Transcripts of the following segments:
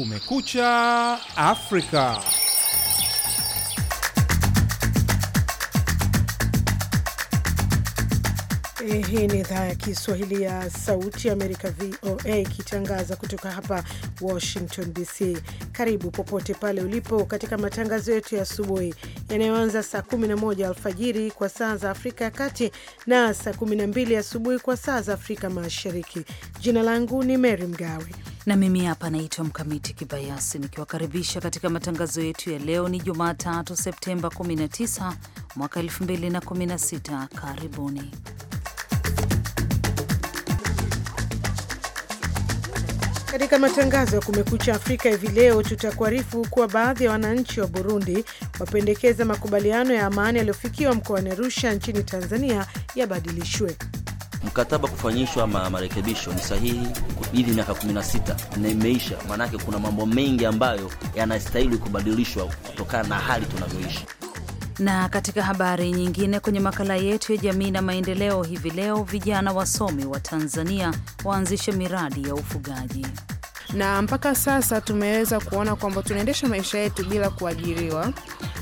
Kumekucha Afrika. Eh, hii ni idhaa ya Kiswahili ya Sauti ya Amerika, VOA, ikitangaza kutoka hapa Washington DC. Karibu popote pale ulipo katika matangazo yetu ya asubuhi yanayoanza saa 11 alfajiri kwa saa za Afrika ya Kati na saa 12 asubuhi kwa saa za Afrika Mashariki. Jina langu ni Mary Mgawe na mimi hapa naitwa Mkamiti Kibayasi nikiwakaribisha katika matangazo yetu ya leo. Ni Jumatatu, Septemba 19 mwaka 2016. Karibuni. Katika matangazo ya Kumekucha Afrika hivi leo tutakuarifu kuwa baadhi ya wananchi wa Burundi wapendekeza makubaliano ya amani yaliyofikiwa mkoani Arusha nchini Tanzania yabadilishwe mkataba kufanyishwa ma marekebisho ni sahihi. Hivi miaka 16 na imeisha, maanake kuna mambo mengi ambayo yanastahili kubadilishwa kutokana na hali tunavyoishi. Na katika habari nyingine, kwenye makala yetu ya jamii na maendeleo hivi leo, vijana wasomi wa Tanzania waanzishe miradi ya ufugaji na mpaka sasa tumeweza kuona kwamba tunaendesha maisha yetu bila kuajiriwa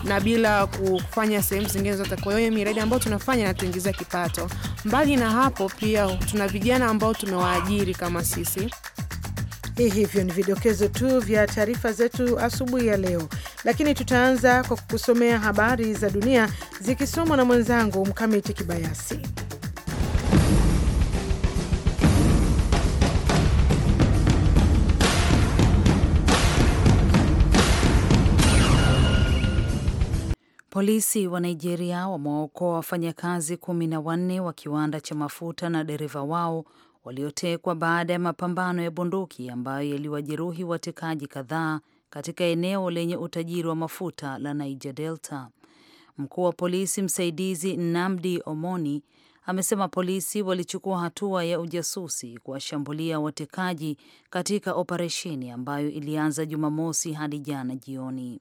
na bila kufanya sehemu zingine zote. Kwa hiyo miradi ambayo tunafanya inatuingizia kipato. Mbali na hapo, pia tuna vijana ambao tumewaajiri kama sisi. hii eh, Hivyo ni vidokezo tu vya taarifa zetu asubuhi ya leo, lakini tutaanza kwa kukusomea habari za dunia zikisomwa na mwenzangu Mkamiti Kibayasi. Polisi wa Nigeria wamewaokoa wafanyakazi kumi na wanne wa kiwanda cha mafuta na dereva wao waliotekwa baada ya mapambano ya bunduki ambayo yaliwajeruhi watekaji kadhaa katika eneo lenye utajiri wa mafuta la Niger Delta. Mkuu wa polisi msaidizi Namdi Omoni amesema polisi walichukua hatua ya ujasusi kuwashambulia watekaji katika operesheni ambayo ilianza Jumamosi hadi jana jioni.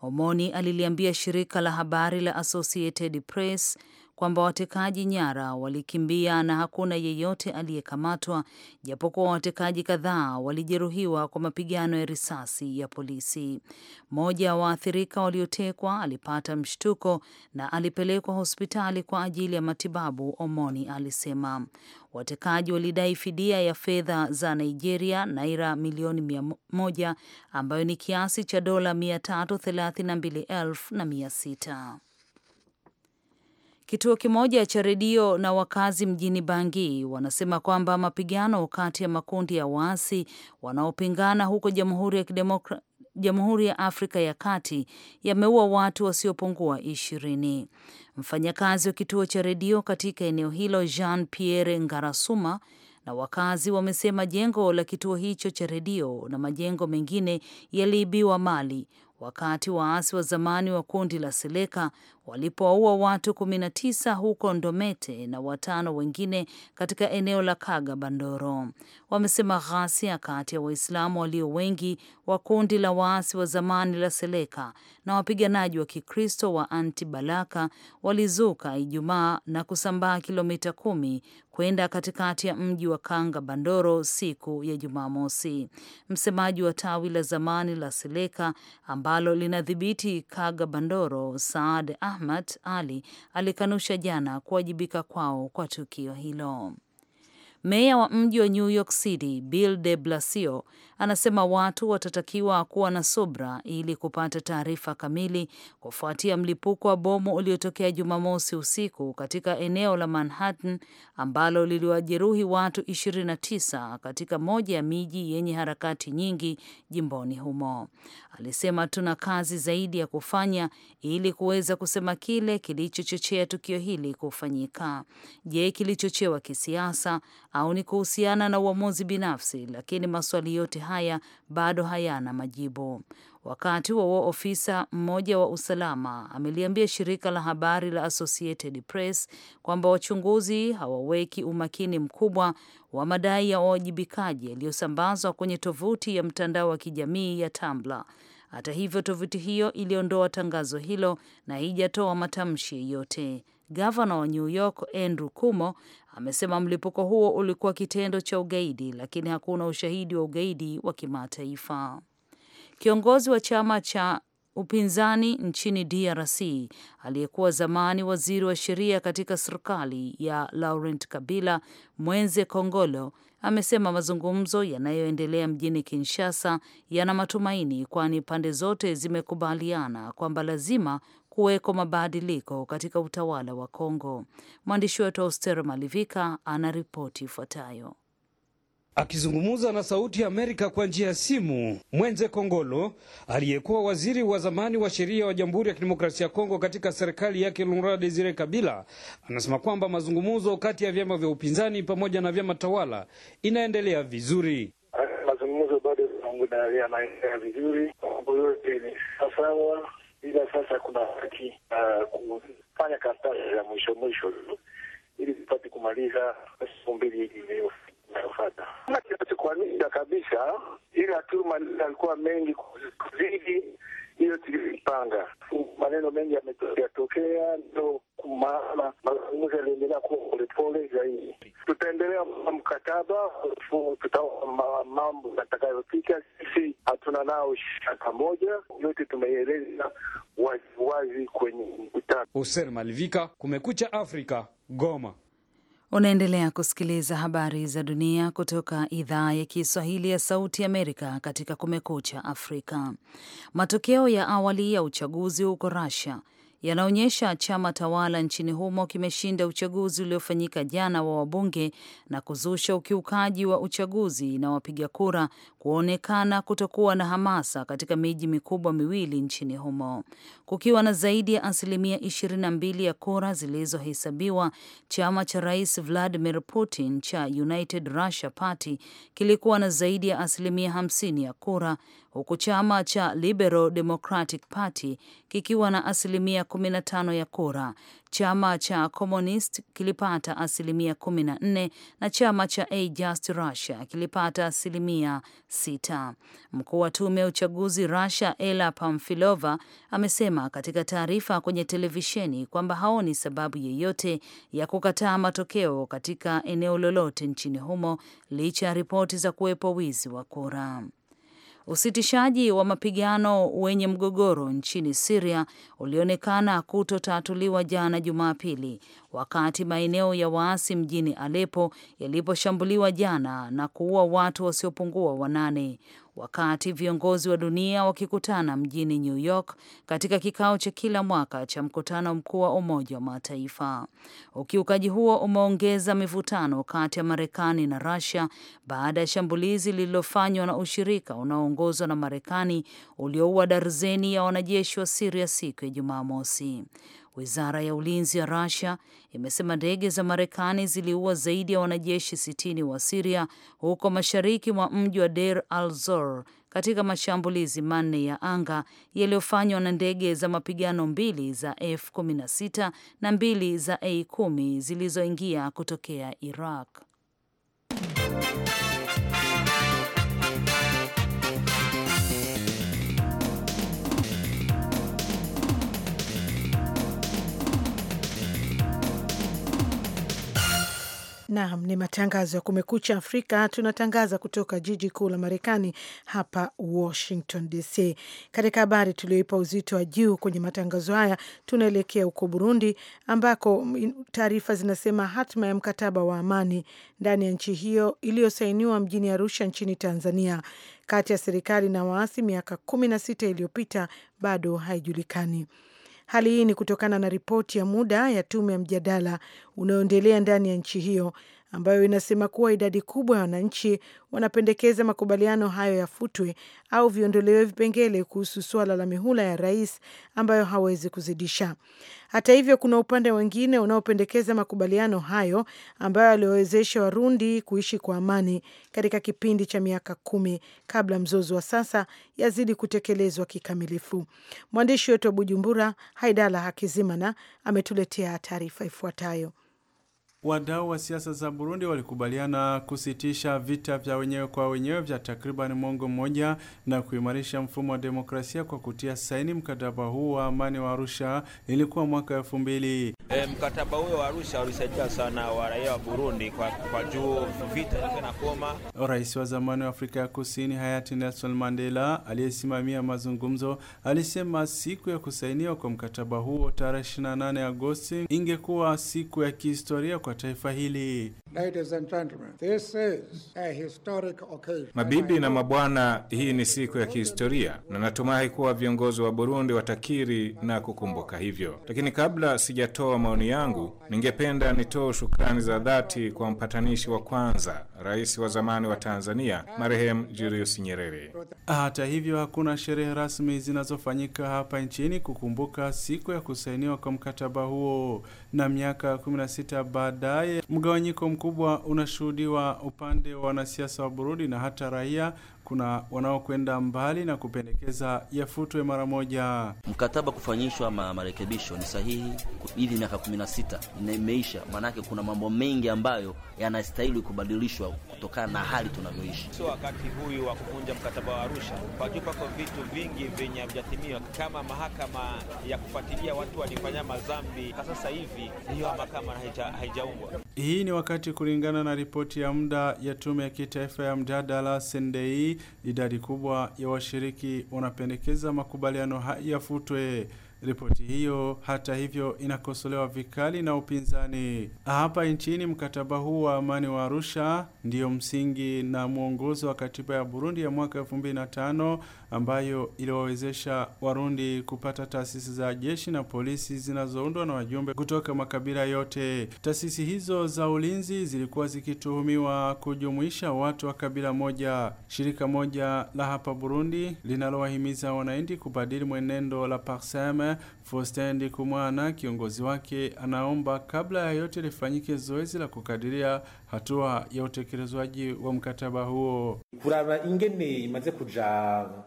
Omoni aliliambia shirika la habari la Associated Press kwamba watekaji nyara walikimbia na hakuna yeyote aliyekamatwa, japokuwa watekaji kadhaa walijeruhiwa kwa mapigano ya risasi ya polisi. Mmoja wa waathirika waliotekwa alipata mshtuko na alipelekwa hospitali kwa ajili ya matibabu, Omoni alisema. Watekaji walidai fidia ya fedha za Nigeria naira milioni mia moja ambayo ni kiasi cha dola mia tatu thelathini na mbili elfu na mia sita. Kituo kimoja cha redio na wakazi mjini Bangi wanasema kwamba mapigano kati ya makundi ya waasi wanaopingana huko Jamhuri ya Jamhuri ya Afrika ya Kati yameua watu wasiopungua ishirini. Mfanyakazi wa kituo cha redio katika eneo hilo Jean Pierre Ngarasuma na wakazi wamesema jengo la kituo hicho cha redio na majengo mengine yaliibiwa mali wakati waasi wa zamani wa kundi la Seleka walipowaua watu 19 huko Ndomete na watano wengine katika eneo la Kaga Bandoro. Wamesema ghasia kati ya Waislamu walio wengi wa kundi la waasi wa zamani la Seleka na wapiganaji wa Kikristo wa Anti Balaka walizuka Ijumaa na kusambaa kilomita kumi kwenda katikati ya mji wa Kanga Bandoro siku ya Jumamosi. Msemaji wa tawi la zamani la Seleka ambalo linadhibiti Kaga Bandoro, Saad Ahmad Ali alikanusha jana kuwajibika kwao kwa tukio hilo. Meya wa mji wa New York City Bill de Blasio anasema watu watatakiwa kuwa na subra ili kupata taarifa kamili kufuatia mlipuko wa bomu uliotokea Jumamosi usiku katika eneo la Manhattan ambalo liliwajeruhi watu 29 katika moja ya miji yenye harakati nyingi jimboni humo. Alisema tuna kazi zaidi ya kufanya ili kuweza kusema kile kilichochochea tukio hili kufanyika. Je, kilichochewa kisiasa au ni kuhusiana na uamuzi binafsi, lakini maswali yote haya bado hayana majibu. Wakati huo ofisa mmoja wa usalama ameliambia shirika la habari la Associated Press kwamba wachunguzi hawaweki umakini mkubwa wa madai ya uwajibikaji yaliyosambazwa kwenye tovuti ya mtandao wa kijamii ya Tumblr. Hata hivyo, tovuti hiyo iliondoa tangazo hilo na haijatoa matamshi yote. Gavana wa New York Andrew Cuomo amesema mlipuko huo ulikuwa kitendo cha ugaidi, lakini hakuna ushahidi wa ugaidi wa kimataifa. Kiongozi wa chama cha upinzani nchini DRC aliyekuwa zamani waziri wa sheria katika serikali ya Laurent Kabila, Mwenze Kongolo, amesema mazungumzo yanayoendelea mjini Kinshasa yana matumaini, kwani pande zote zimekubaliana kwamba lazima kuweko mabadiliko katika utawala wa Kongo. Mwandishi wetu Austero Malivika ana ripoti ifuatayo. Akizungumza na Sauti ya Amerika kwa njia ya simu, Mwenze Kongolo aliyekuwa waziri wa zamani wa sheria wa Jamhuri ya Kidemokrasia ya Kongo katika serikali yake Laurent Desire Kabila anasema kwamba mazungumzo kati ya vyama vya upinzani pamoja na vyama tawala inaendelea vizuri. Mazungumzo bado yanaendelea vizuri, mambo yote ni sawa ila sasa kuna haki uh, kufanya kampeni za mwisho mwisho ili zipate kumaliza siku mbili inayofata. Kinachokwamisha kabisa, ila tu alikuwa mengi kuzidi hiyo tulipanga. Maneno mengi yametokea, ndo maana mazungumzo yaliendelea kuwa polepole zaidi. Tutaendelea mkataba, alafu tutaona mambo yatakayopika. Sisi hatuna nao shaka moja, yote tumeeleza waziwazi kwenye mkutano. Hoser Malivika, Kumekucha Afrika, Goma. Unaendelea kusikiliza habari za dunia kutoka idhaa ya Kiswahili ya Sauti Amerika katika Kumekucha Afrika. Matokeo ya awali ya uchaguzi huko Russia yanaonyesha chama tawala nchini humo kimeshinda uchaguzi uliofanyika jana wa wabunge na kuzusha ukiukaji wa uchaguzi na wapiga kura kuonekana kutokuwa na hamasa katika miji mikubwa miwili nchini humo, kukiwa na zaidi ya asilimia 22 ya kura zilizohesabiwa. Chama cha rais Vladimir Putin cha United Russia Party kilikuwa na zaidi ya asilimia 50 ya kura huku chama cha Liberal Democratic Party kikiwa na asilimia 15 ya kura, chama cha Communist kilipata asilimia 14 na chama cha A Just Russia kilipata asilimia 6. Mkuu wa tume ya uchaguzi Russia, Ela Pamfilova, amesema katika taarifa kwenye televisheni kwamba haoni sababu yeyote ya kukataa matokeo katika eneo lolote nchini humo licha ya ripoti za kuwepo wizi wa kura. Usitishaji wa mapigano wenye mgogoro nchini Siria ulionekana kutotatuliwa jana Jumapili wakati maeneo ya waasi mjini Alepo yaliposhambuliwa jana na kuua watu wasiopungua wanane wakati viongozi wa dunia wakikutana mjini New York katika kikao cha kila mwaka cha mkutano mkuu wa Umoja wa Mataifa. Ukiukaji huo umeongeza mivutano kati ya Marekani na Russia baada ya shambulizi lililofanywa na ushirika unaoongozwa na Marekani ulioua darzeni ya wanajeshi wa Siria siku ya Jumamosi. Wizara ya ulinzi ya Russia imesema ndege za Marekani ziliua zaidi ya wanajeshi sitini wa Siria huko mashariki mwa mji wa Deir al-Zor katika mashambulizi manne ya anga yaliyofanywa na ndege za mapigano mbili za F-16 na mbili za A-10 zilizoingia kutokea Iraq. Naam, ni matangazo ya Kumekucha Afrika. Tunatangaza kutoka jiji kuu la Marekani, hapa Washington DC. Katika habari tulioipa uzito wa juu kwenye matangazo haya, tunaelekea huko Burundi ambako taarifa zinasema hatima ya mkataba wa amani ndani ya nchi hiyo iliyosainiwa mjini Arusha nchini Tanzania kati ya serikali na waasi miaka kumi na sita iliyopita bado haijulikani. Hali hii ni kutokana na ripoti ya muda ya tume ya mjadala unaoendelea ndani ya nchi hiyo ambayo inasema kuwa idadi kubwa ya wananchi wanapendekeza makubaliano hayo yafutwe au viondolewe vipengele kuhusu suala la mihula ya rais ambayo hawezi kuzidisha. Hata hivyo, kuna upande wengine unaopendekeza makubaliano hayo ambayo yaliwawezesha Warundi kuishi kwa amani katika kipindi cha miaka kumi kabla mzozo wa sasa yazidi kutekelezwa kikamilifu. Mwandishi wetu wa Bujumbura, Haidala Hakizimana, ametuletea taarifa ifuatayo. Wadau wa siasa za Burundi walikubaliana kusitisha vita vya wenyewe kwa wenyewe vya takriban mwongo mmoja na kuimarisha mfumo wa demokrasia kwa kutia saini mkataba huu wa amani wa Arusha. Ilikuwa mwaka elfu mbili. E, mkataba huo wa Arusha ulisaidia sana wa raia wa Burundi kwa, kwa juu vita na koma. Rais wa zamani wa Afrika ya Kusini hayati Nelson Mandela aliyesimamia mazungumzo alisema siku ya kusainiwa kwa mkataba huo tarehe 28 Agosti ingekuwa siku ya kihistoria kwa taifa hili. Ladies and gentlemen, this is a historic occasion. Mabibi na mabwana, hii ni siku ya kihistoria na natumai kuwa viongozi wa Burundi watakiri na kukumbuka hivyo. Lakini kabla sijatoa maoni yangu, ningependa nitoe shukrani za dhati kwa mpatanishi wa kwanza, rais wa zamani wa Tanzania marehemu Julius Nyerere. Hata hivyo, hakuna sherehe rasmi zinazofanyika hapa nchini kukumbuka siku ya kusainiwa kwa mkataba huo na miaka 16 baadaye, mgawanyiko mkubwa unashuhudiwa upande wa wanasiasa wa Burundi na hata raia kuna wanaokwenda mbali na kupendekeza yafutwe mara moja. Mkataba kufanyishwa ma marekebisho ni sahihi. Hivi miaka 16 imeisha, maanake kuna mambo mengi ambayo yanastahili kubadilishwa kutokana na hali tunavyoishi. Sio wakati huyu wa kuvunja mkataba wa Arusha. Pajuu pako vitu vingi vyenye havijatimia, kama mahakama ya kufuatilia watu walifanya madhambi. Kwa sasa hivi hiyo mahakama haijaungwa. Hii ni wakati, kulingana na ripoti ya muda ya tume ya kitaifa ya mjadala Sendei idadi kubwa ya washiriki wanapendekeza makubaliano yafutwe. Ripoti hiyo hata hivyo inakosolewa vikali na upinzani hapa nchini. Mkataba huu wa amani wa Arusha ndiyo msingi na mwongozo wa katiba ya Burundi ya mwaka tano ambayo iliwawezesha Warundi kupata taasisi za jeshi na polisi zinazoundwa na wajumbe kutoka makabila yote. Taasisi hizo za ulinzi zilikuwa zikituhumiwa kujumuisha watu wa kabila moja. Shirika moja la hapa Burundi linalowahimiza wananchi kubadili mwenendo la Parseme Faustin Ndikumwana, kiongozi wake, anaomba kabla ya yote lifanyike zoezi la kukadiria hatua ya utekelezwaji wa mkataba huo. kuraba ingene imaze kuja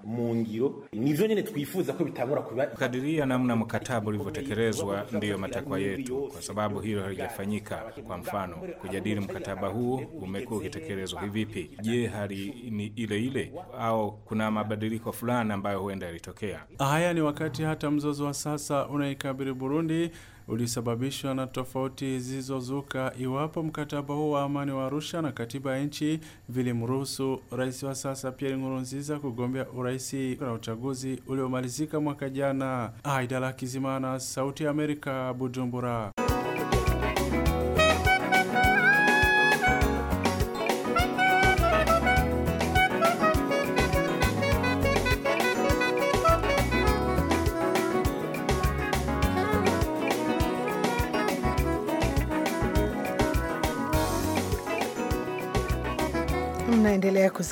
mu ngiro nivyo nyene twifuza ko bitangura kuba. Kukadiria namna mkataba ulivyotekelezwa ndiyo matakwa yetu, kwa sababu hilo halijafanyika. Kwa mfano, kujadili mkataba huo umekuwa ukitekelezwa vivipi? Je, hali ni ile ile au kuna mabadiliko fulani ambayo huenda yalitokea? Haya ni wakati hata mzozo wa sasa sasa unaikabiri Burundi ulisababishwa na tofauti zilizozuka iwapo mkataba huo wa amani wa Arusha na katiba ya nchi vilimruhusu rais wa sasa Pierre Nkurunziza kugombea urais na uchaguzi uliomalizika mwaka jana. Aidala Kizimana, Sauti ya Amerika, Bujumbura.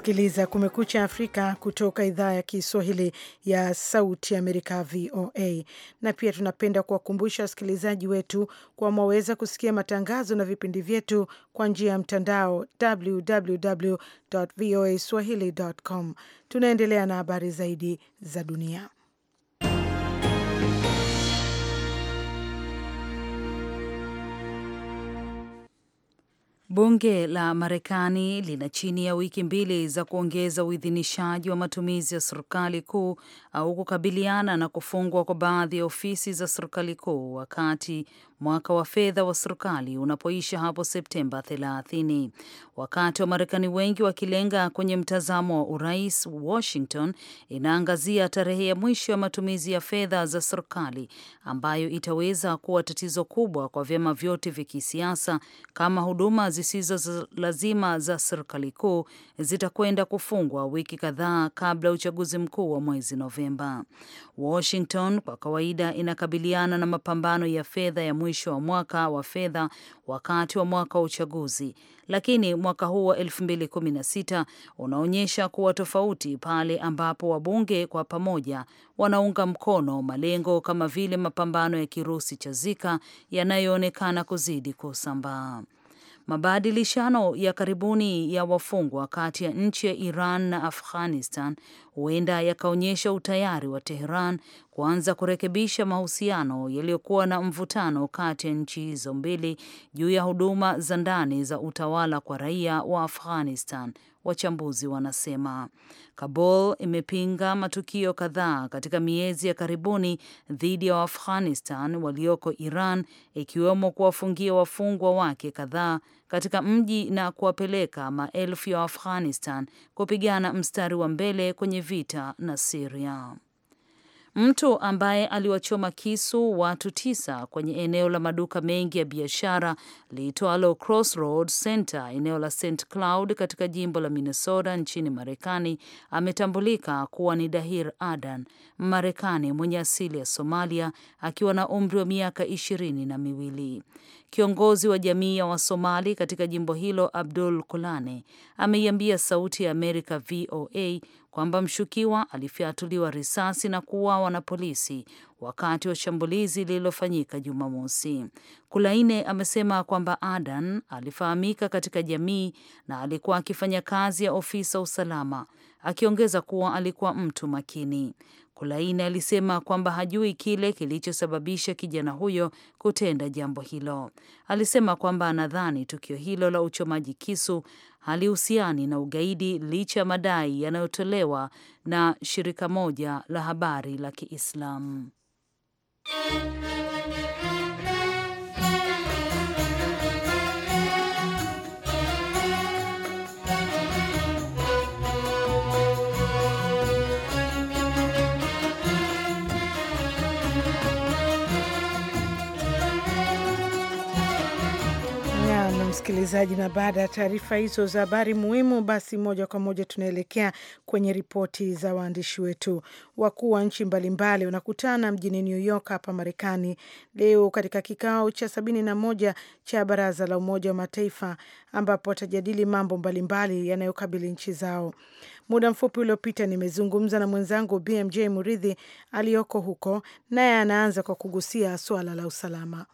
unasikiliza Kumekucha Afrika kutoka idhaa ya Kiswahili ya Sauti Amerika, VOA. Na pia tunapenda kuwakumbusha wasikilizaji wetu kwa mwaweza kusikia matangazo na vipindi vyetu kwa njia ya mtandao www voa Tunaendelea na habari zaidi za dunia. Bunge la Marekani lina chini ya wiki mbili za kuongeza uidhinishaji wa matumizi ya serikali kuu au kukabiliana na kufungwa kwa baadhi ya ofisi za serikali kuu wakati mwaka wa fedha wa serikali unapoisha hapo Septemba 30. Wakati wa Marekani wengi wakilenga kwenye mtazamo wa urais, Washington inaangazia tarehe ya mwisho ya matumizi ya fedha za serikali ambayo itaweza kuwa tatizo kubwa kwa vyama vyote vya kisiasa kama huduma zisizo lazima za serikali kuu zitakwenda kufungwa wiki kadhaa kabla ya uchaguzi mkuu wa mwezi Novemba. Washington kwa kawaida inakabiliana na mapambano ya fedha ya mwisho mwisho wa mwaka wa fedha wakati wa mwaka wa uchaguzi, lakini mwaka huu wa 2016 unaonyesha kuwa tofauti pale ambapo wabunge kwa pamoja wanaunga mkono malengo kama vile mapambano ya kirusi cha Zika yanayoonekana kuzidi kusambaa. Mabadilishano ya karibuni ya wafungwa kati ya nchi ya Iran na Afghanistan huenda yakaonyesha utayari wa Tehran kuanza kurekebisha mahusiano yaliyokuwa na mvutano kati ya nchi hizo mbili juu ya huduma za ndani za utawala kwa raia wa Afghanistan. Wachambuzi wanasema Kabul imepinga matukio kadhaa katika miezi ya karibuni dhidi ya Waafghanistan walioko Iran, ikiwemo kuwafungia wafungwa wake kadhaa katika mji na kuwapeleka maelfu ya afghanistan kupigana mstari wa mbele kwenye vita na Siria. Mtu ambaye aliwachoma kisu watu tisa kwenye eneo la maduka mengi ya biashara liitwalo Crossroad Center, eneo la St Cloud katika jimbo la Minnesota nchini Marekani, ametambulika kuwa ni Dahir Adan, marekani mwenye asili ya Somalia, akiwa na umri wa miaka ishirini na miwili. Kiongozi wa jamii ya Wasomali katika jimbo hilo Abdul Kulane ameiambia Sauti ya Amerika VOA kwamba mshukiwa alifyatuliwa risasi na kuuawa na polisi wakati wa shambulizi lililofanyika Jumamosi. Kulaine amesema kwamba Adan alifahamika katika jamii na alikuwa akifanya kazi ya ofisa usalama, akiongeza kuwa alikuwa mtu makini. Kulaine alisema kwamba hajui kile kilichosababisha kijana huyo kutenda jambo hilo. Alisema kwamba anadhani tukio hilo la uchomaji kisu halihusiani na ugaidi licha ya madai yanayotolewa na shirika moja la habari la Kiislamu. msikilizaji, na baada ya taarifa hizo za habari muhimu, basi moja kwa moja tunaelekea kwenye ripoti za waandishi wetu. Wakuu wa nchi mbalimbali wanakutana mjini New York hapa Marekani leo katika kikao cha sabini na moja cha Baraza la Umoja wa Mataifa ambapo watajadili mambo mbalimbali yanayokabili nchi zao. Muda mfupi uliopita nimezungumza na mwenzangu BMJ Muridhi aliyoko huko, naye anaanza kwa kugusia suala la usalama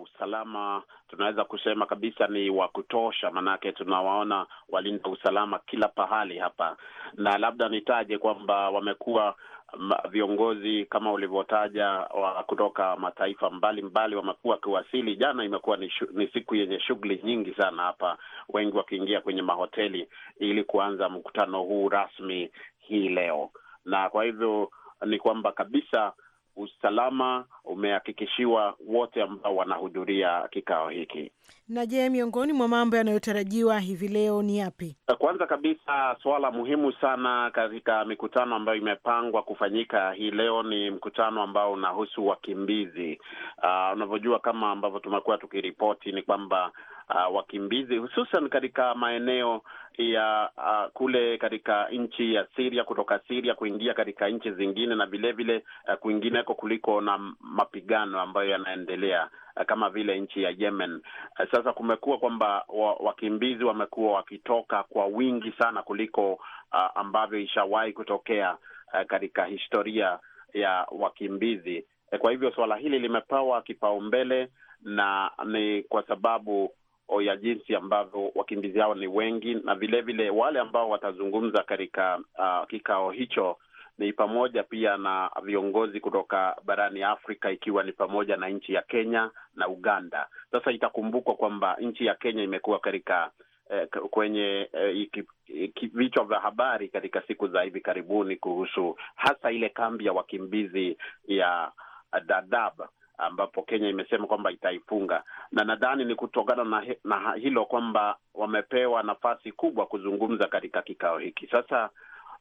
usalama tunaweza kusema kabisa ni wa kutosha, maanake tunawaona walinda usalama kila pahali hapa, na labda nitaje kwamba wamekuwa mm, viongozi kama ulivyotaja wa kutoka mataifa mbalimbali wamekuwa wakiwasili. Jana imekuwa ni, ni siku yenye shughuli nyingi sana hapa, wengi wakiingia kwenye mahoteli ili kuanza mkutano huu rasmi hii leo, na kwa hivyo ni kwamba kabisa usalama umehakikishiwa wote ambao wanahudhuria kikao hiki. Na je, miongoni mwa mambo yanayotarajiwa hivi leo ni yapi? Kwanza kabisa, suala muhimu sana katika mikutano ambayo imepangwa kufanyika hii leo ni mkutano ambao unahusu wakimbizi. Uh, unavyojua kama ambavyo tumekuwa tukiripoti ni kwamba uh, wakimbizi hususan katika maeneo ya uh, kule katika nchi ya Syria, kutoka Syria kuingia katika nchi zingine na vilevile uh, kwingineko kuliko na mapigano ambayo yanaendelea uh, kama vile nchi ya Yemen. Uh, sasa kumekuwa kwamba wa, wakimbizi wamekuwa wakitoka kwa wingi sana kuliko uh, ambavyo ishawahi kutokea uh, katika historia ya wakimbizi. Uh, kwa hivyo suala hili limepewa kipaumbele na ni kwa sababu ya jinsi ambavyo wakimbizi hao ni wengi, na vilevile vile wale ambao watazungumza katika uh, kikao hicho ni pamoja pia na viongozi kutoka barani Afrika ikiwa ni pamoja na nchi ya Kenya na Uganda. Sasa itakumbukwa kwamba nchi ya Kenya imekuwa katika eh, kwenye eh, vichwa vya habari katika siku za hivi karibuni kuhusu hasa ile kambi ya wakimbizi ya dadab ambapo Kenya imesema kwamba itaifunga, na nadhani ni kutokana na, na hilo kwamba wamepewa nafasi kubwa kuzungumza katika kikao hiki. Sasa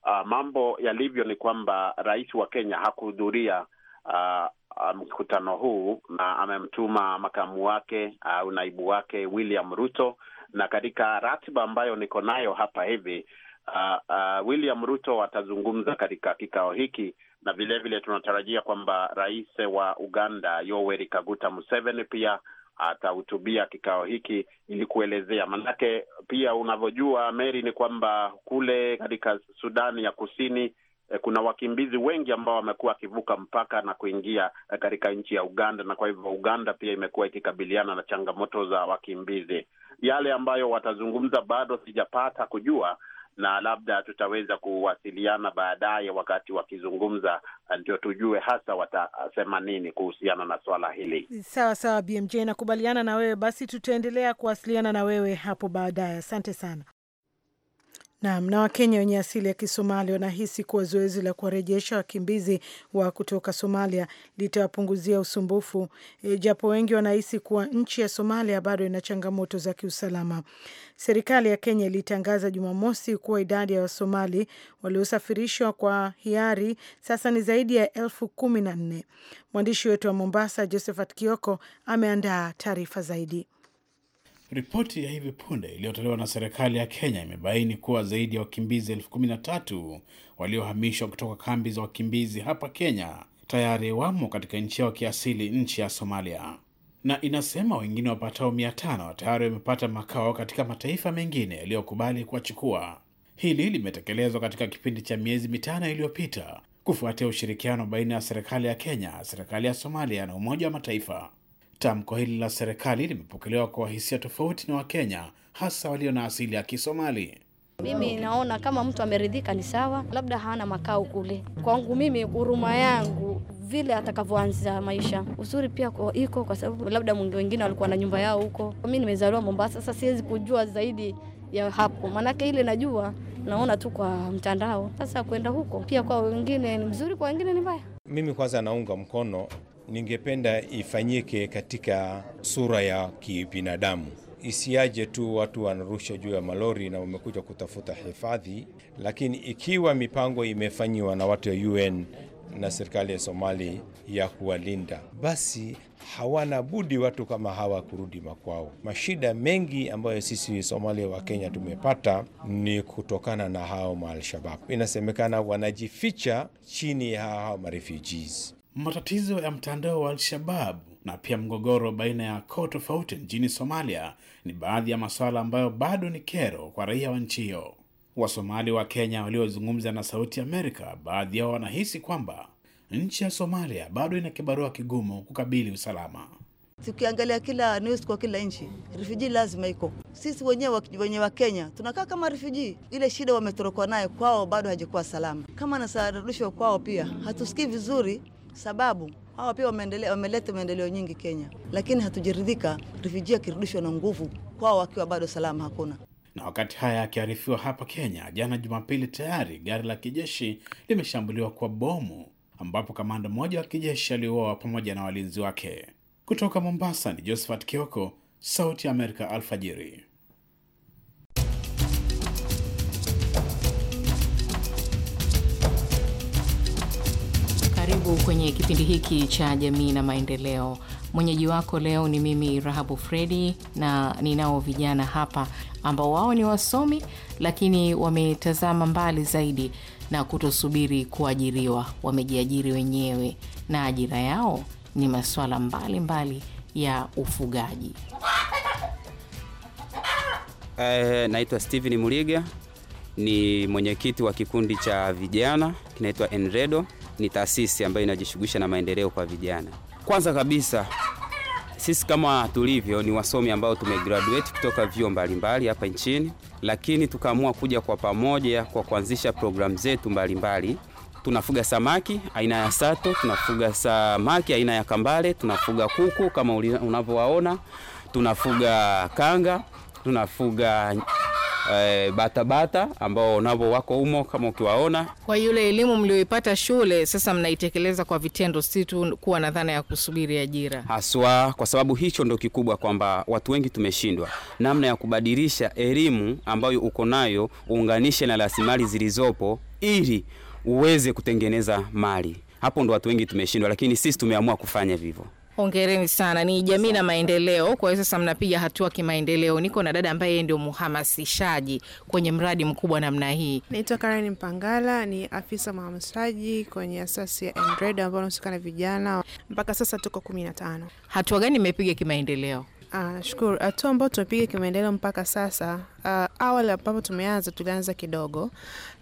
uh, mambo yalivyo ni kwamba rais wa Kenya hakuhudhuria uh, uh mkutano um, huu na amemtuma makamu wake uh, au uh, naibu wake William Ruto, na katika ratiba ambayo niko nayo hapa hivi uh, uh, William Ruto atazungumza katika kikao hiki na vilevile vile tunatarajia kwamba rais wa Uganda Yoweri Kaguta Museveni pia atahutubia kikao hiki ili kuelezea. Manake pia unavyojua Meri, ni kwamba kule katika Sudani ya Kusini eh, kuna wakimbizi wengi ambao wamekuwa wakivuka mpaka na kuingia eh, katika nchi ya Uganda, na kwa hivyo Uganda pia imekuwa ikikabiliana na changamoto za wakimbizi. Yale ambayo watazungumza bado sijapata kujua, na labda tutaweza kuwasiliana baadaye wakati wakizungumza, ndio tujue hasa watasema nini kuhusiana na swala hili. Sawa sawa, BMJ, nakubaliana na wewe. Basi tutaendelea kuwasiliana na wewe hapo baadaye. Asante sana. Naam, na Wakenya wenye asili ya Kisomali wanahisi kuwa zoezi la kuwarejesha wakimbizi wa kutoka Somalia litawapunguzia usumbufu, e, japo wengi wanahisi kuwa nchi ya Somalia bado ina changamoto za kiusalama. Serikali ya Kenya ilitangaza Jumamosi kuwa idadi ya Wasomali waliosafirishwa kwa hiari sasa ni zaidi ya elfu kumi na nne. Mwandishi wetu wa Mombasa, Josephat Kioko, ameandaa taarifa zaidi. Ripoti ya hivi punde iliyotolewa na serikali ya Kenya imebaini kuwa zaidi ya wakimbizi elfu kumi na tatu waliohamishwa kutoka kambi za wakimbizi hapa Kenya tayari wamo katika nchi yao kiasili, nchi ya Somalia, na inasema wengine wapatao mia tano tayari wamepata makao katika mataifa mengine yaliyokubali kuwachukua. Hili limetekelezwa katika kipindi cha miezi mitano iliyopita kufuatia ushirikiano baina ya serikali ya Kenya, serikali ya Somalia na Umoja wa Mataifa. Tamko hili la serikali limepokelewa kwa hisia tofauti na Wakenya, hasa walio na asili ya Kisomali. Mimi naona kama mtu ameridhika ni sawa, labda hana makao kule. Kwangu mimi, huruma yangu vile atakavyoanza maisha uzuri pia kwa iko kwa sababu labda mwingi wengine walikuwa na nyumba yao huko. Mimi nimezaliwa Mombasa, sasa siwezi kujua zaidi ya hapo, maanake ile najua naona tu kwa mtandao. Sasa kwenda huko pia kwa wengine ni mzuri, kwa wengine ni mbaya. Mimi kwanza naunga mkono ningependa ifanyike katika sura ya kibinadamu, isiaje tu watu wanarusha juu ya malori na wamekuja kutafuta hifadhi. Lakini ikiwa mipango imefanyiwa na watu ya UN na serikali ya Somali ya kuwalinda, basi hawana budi watu kama hawa kurudi makwao. Mashida mengi ambayo sisi Somalia wa Kenya tumepata ni kutokana na hao maalshabab. Inasemekana wanajificha chini ya hao marefugees matatizo ya mtandao wa al shabab na pia mgogoro baina ya koo tofauti nchini Somalia ni baadhi ya masuala ambayo bado ni kero kwa raia wa nchi hiyo. Wasomali wa Kenya waliozungumza na Sauti Amerika, baadhi yao wanahisi kwamba nchi ya Somalia bado ina kibarua kigumu kukabili usalama. Tukiangalia kila news kwa kila nchi, refugee lazima iko. Sisi wenyewe wenye wa Kenya tunakaa kama refugee, ile shida wametorokwa naye kwao bado hajakuwa salama, kama nasarudishwa kwao pia hatusikii vizuri sababu hawa pia wameleta maendeleo nyingi Kenya, lakini hatujaridhika refujia akirudishwa na nguvu kwao wakiwa bado salama hakuna. Na wakati haya akiarifiwa hapa Kenya jana Jumapili, tayari gari la kijeshi limeshambuliwa kwa bomu, ambapo kamanda mmoja wa kijeshi aliuawa pamoja na walinzi wake. Kutoka Mombasa ni Josephat Kioko, Sauti ya Amerika, alfajiri. karibu kwenye kipindi hiki cha jamii na maendeleo. Mwenyeji wako leo ni mimi Rahabu Fredi, na ninao vijana hapa ambao wao ni wasomi lakini wametazama mbali zaidi na kutosubiri kuajiriwa. Wamejiajiri wenyewe na ajira yao ni masuala mbalimbali ya ufugaji. Eh, naitwa Steven Muliga, ni mwenyekiti wa kikundi cha vijana kinaitwa Enredo ni taasisi ambayo inajishughulisha na maendeleo kwa vijana. Kwanza kabisa sisi kama tulivyo ni wasomi ambao tumegraduate kutoka vyuo mbalimbali hapa nchini, lakini tukaamua kuja kwa pamoja kwa kuanzisha programu zetu mbalimbali. Tunafuga samaki aina ya sato, tunafuga samaki aina ya kambale, tunafuga kuku kama unavyowaona, tunafuga kanga, tunafuga e, eh, batabata ambao navo wako humo kama ukiwaona. Kwa yule elimu mlioipata shule, sasa mnaitekeleza kwa vitendo, si tu kuwa na dhana ya kusubiri ajira haswa, kwa sababu hicho ndio kikubwa, kwamba watu wengi tumeshindwa namna ya kubadilisha elimu ambayo uko nayo uunganishe na rasilimali zilizopo ili uweze kutengeneza mali. Hapo ndo watu wengi tumeshindwa, lakini sisi tumeamua kufanya vivyo. Hongereni sana, ni jamii na maendeleo. Kwa hiyo sasa mnapiga hatua kimaendeleo. Niko na dada ambaye yeye ndio mhamasishaji kwenye mradi mkubwa namna hii. Naitwa Karen Mpangala, ni afisa mhamasishaji kwenye asasi ya Andred ambayo anahusika na vijana. Mpaka sasa tuko kumi na tano. Hatua gani imepiga kimaendeleo? Ah, shukuru. Hatua ah, ambayo tumepiga kimaendeleo mpaka sasa, uh, awali ambapo tumeanza tulianza kidogo,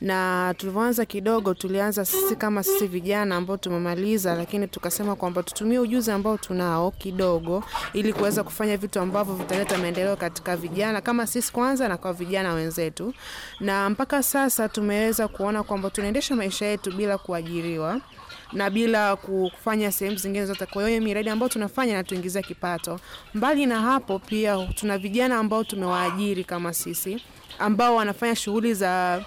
na tulivyoanza kidogo tulianza sisi kama sisi vijana ambao tumemaliza, lakini tukasema kwamba tutumie ujuzi ambao tunao kidogo ili kuweza kufanya vitu ambavyo vitaleta maendeleo katika vijana kama sisi kwanza na kwa vijana wenzetu. Na mpaka sasa tumeweza kuona kwamba tunaendesha maisha yetu bila kuajiriwa na bila kufanya sehemu zingine zote. Kwa hiyo miradi ambayo tunafanya inatuingizia kipato. Mbali na hapo, pia tuna vijana ambao tumewaajiri kama sisi ambao wanafanya shughuli za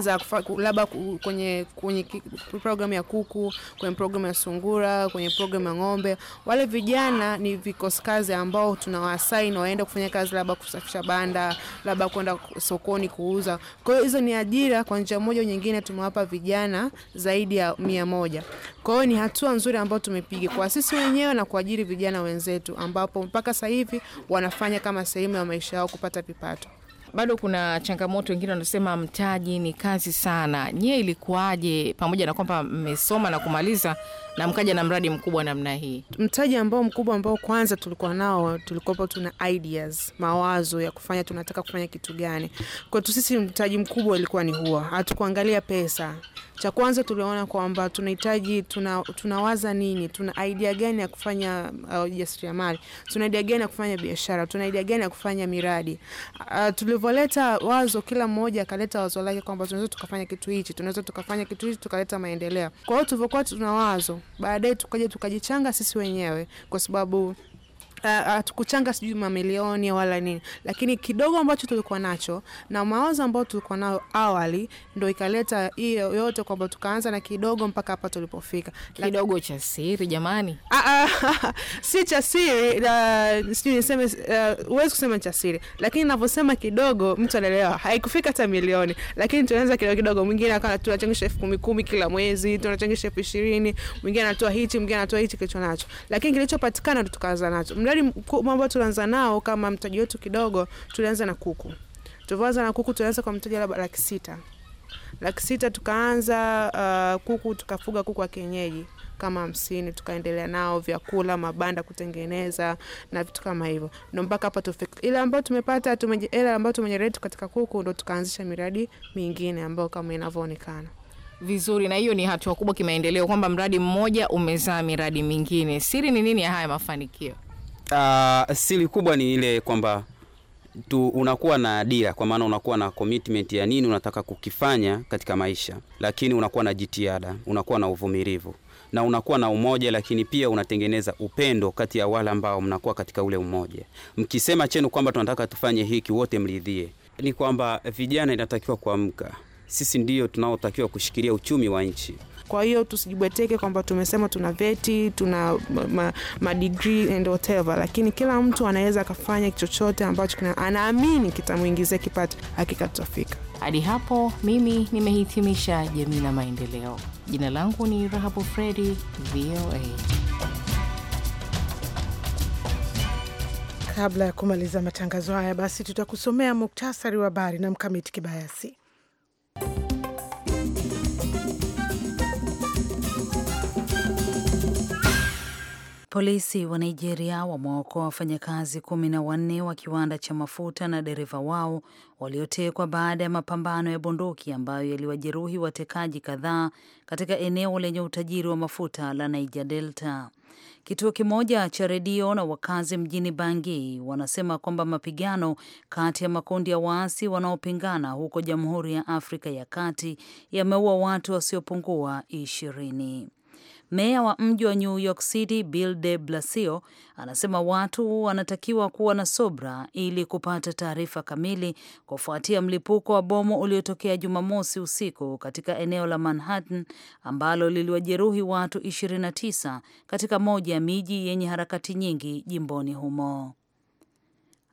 za labda kwenye, kwenye programu ya kuku, kwenye programu ya sungura, kwenye programu ya ng'ombe. Wale vijana ni vikosi kazi ambao tunawaasaini waende kufanya kazi, labda kusafisha banda, labda kwenda sokoni kuuza. Kwa hiyo hizo ni ajira kwa njia moja nyingine, tumewapa vijana zaidi ya mia moja. Kwa hiyo ni hatua nzuri ambayo tumepiga kwa sisi wenyewe na kuajiri vijana wenzetu, ambapo mpaka sasa hivi wanafanya kama sehemu ya maisha yao kupata kipato bado kuna changamoto, wengine wanasema mtaji ni kazi sana. Nyie ilikuwaje, pamoja na kwamba mmesoma na kumaliza na mkaja na mradi mkubwa namna hii? Mtaji ambao mkubwa ambao kwanza tulikuwa nao, tulikuwapo tuna ideas, mawazo ya kufanya, tunataka kufanya kitu gani. Kwetu sisi mtaji mkubwa ilikuwa ni huo, hatukuangalia pesa cha kwanza tuliona kwamba tunahitaji tuna, tunawaza nini, tuna idea gani ya kufanya uh, ujasiriamali, uh, tuna idea gani ya kufanya biashara, tuna idea gani ya kufanya miradi. Uh, tulivyoleta wazo, kila mmoja akaleta wazo lake kwamba tunaweza tukafanya kitu hichi, tunaweza tukafanya kitu hichi, tukaleta maendeleo. Kwa hiyo tulivyokuwa tuna wazo, baadaye tukaja tukajichanga sisi wenyewe kwa sababu Ah, hatukuchanga uh, sijui mamilioni wala nini, lakini kidogo ambacho tulikuwa nacho na mawazo ambayo tulikuwa nayo awali ndo ikaleta hiyo yote, kwamba tukaanza na kidogo mpaka hapa tulipofika. Kidogo cha siri jamani, ah, ah, si cha siri, sijui niseme, huwezi kusema cha siri, lakini navyosema kidogo mtu anaelewa, haikufika hata milioni, lakini tunaanza kidogo kidogo. Mwingine akawa tunachangisha elfu kumi kumi kila mwezi, tunachangisha elfu ishirini mwingine anatoa hichi, mwingine anatoa hichi kilicho nacho, lakini kilichopatikana ndo tukaanza nacho mradi mradi yaani, mkubwa ambao tulianza nao kama mtaji wetu kidogo, tulianza na kuku. Tulianza na kuku, tulianza kwa mtaji labda laki sita laki sita tukaanza uh, kuku tukafuga kuku wa kienyeji kama hamsini, tukaendelea nao vyakula, mabanda kutengeneza na vitu kama hivyo, ndo mpaka hapa tufik Ile ambayo tumepata hela ambayo tumenyereti katika kuku, ndo tukaanzisha miradi mingine ambayo kama inavyoonekana vizuri, na hiyo ni hatua kubwa kimaendeleo, kwamba mradi mmoja umezaa miradi mingine. Siri ni nini ya haya mafanikio? uh, siri kubwa ni ile kwamba tu unakuwa na dira, kwa maana unakuwa na commitment ya nini unataka kukifanya katika maisha, lakini unakuwa na jitihada, unakuwa na uvumilivu na unakuwa na umoja, lakini pia unatengeneza upendo kati ya wale ambao mnakuwa katika ule umoja. Mkisema chenu kwamba tunataka tufanye hiki, wote mridhie. Ni kwamba vijana inatakiwa kuamka, sisi ndiyo tunaotakiwa kushikilia uchumi wa nchi. Kwa hiyo tusijibweteke kwamba tumesema tuna veti tuna ma, ma and whatever, lakini kila mtu anaweza akafanya chochote ambacho anaamini kitamwingizia kipato. Hakika tutafika hadi hapo. Mimi nimehitimisha jamii na maendeleo. Jina langu ni Rahabu Fredi, VOA. Kabla ya kumaliza matangazo haya basi, tutakusomea muktasari wa habari na Mkamiti Kibayasi. Polisi wa Nigeria wamewaokoa wafanyakazi kumi na wanne wa kiwanda cha mafuta na dereva wao waliotekwa baada ya mapambano ya bunduki ambayo yaliwajeruhi watekaji kadhaa katika eneo lenye utajiri wa mafuta la Niger Delta. Kituo kimoja cha redio na wakazi mjini Bangi wanasema kwamba mapigano kati ya makundi ya waasi wanaopingana huko Jamhuri ya Afrika ya Kati yameua watu wasiopungua ishirini. Meya wa mji wa New York City Bill de Blasio anasema watu wanatakiwa kuwa na subra ili kupata taarifa kamili kufuatia mlipuko wa bomu uliotokea Jumamosi usiku katika eneo la Manhattan ambalo liliwajeruhi watu 29 katika moja ya miji yenye harakati nyingi jimboni humo.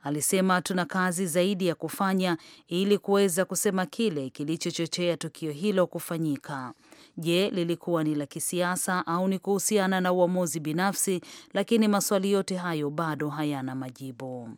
Alisema tuna kazi zaidi ya kufanya ili kuweza kusema kile kilichochochea tukio hilo kufanyika. Je, lilikuwa ni la kisiasa au ni kuhusiana na uamuzi binafsi? Lakini maswali yote hayo bado hayana majibu.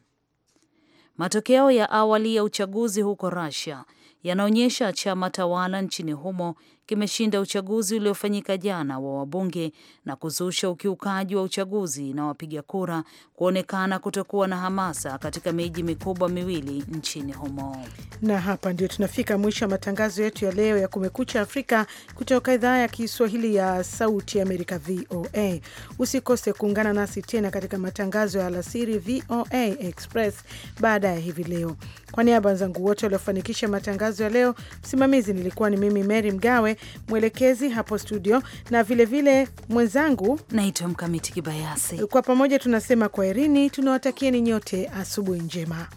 Matokeo ya awali ya uchaguzi huko Russia yanaonyesha chama tawala nchini humo kimeshinda uchaguzi uliofanyika jana wa wabunge na kuzusha ukiukaji wa uchaguzi na wapiga kura kuonekana kutokuwa na hamasa katika miji mikubwa miwili nchini humo. Na hapa ndio tunafika mwisho wa matangazo yetu ya leo ya Kumekucha Afrika kutoka idhaa ya Kiswahili ya Sauti Amerika, VOA. Usikose kuungana nasi tena katika matangazo ya alasiri, VOA Express, baada ya hivi leo. Kwa niaba wenzangu wote waliofanikisha matangazo ya leo, msimamizi nilikuwa ni mimi Mary Mgawe mwelekezi hapo studio, na vilevile vile mwenzangu naitwa Mkamiti Kibayasi. Kwa pamoja tunasema kwaherini, tunawatakieni nyote asubuhi njema.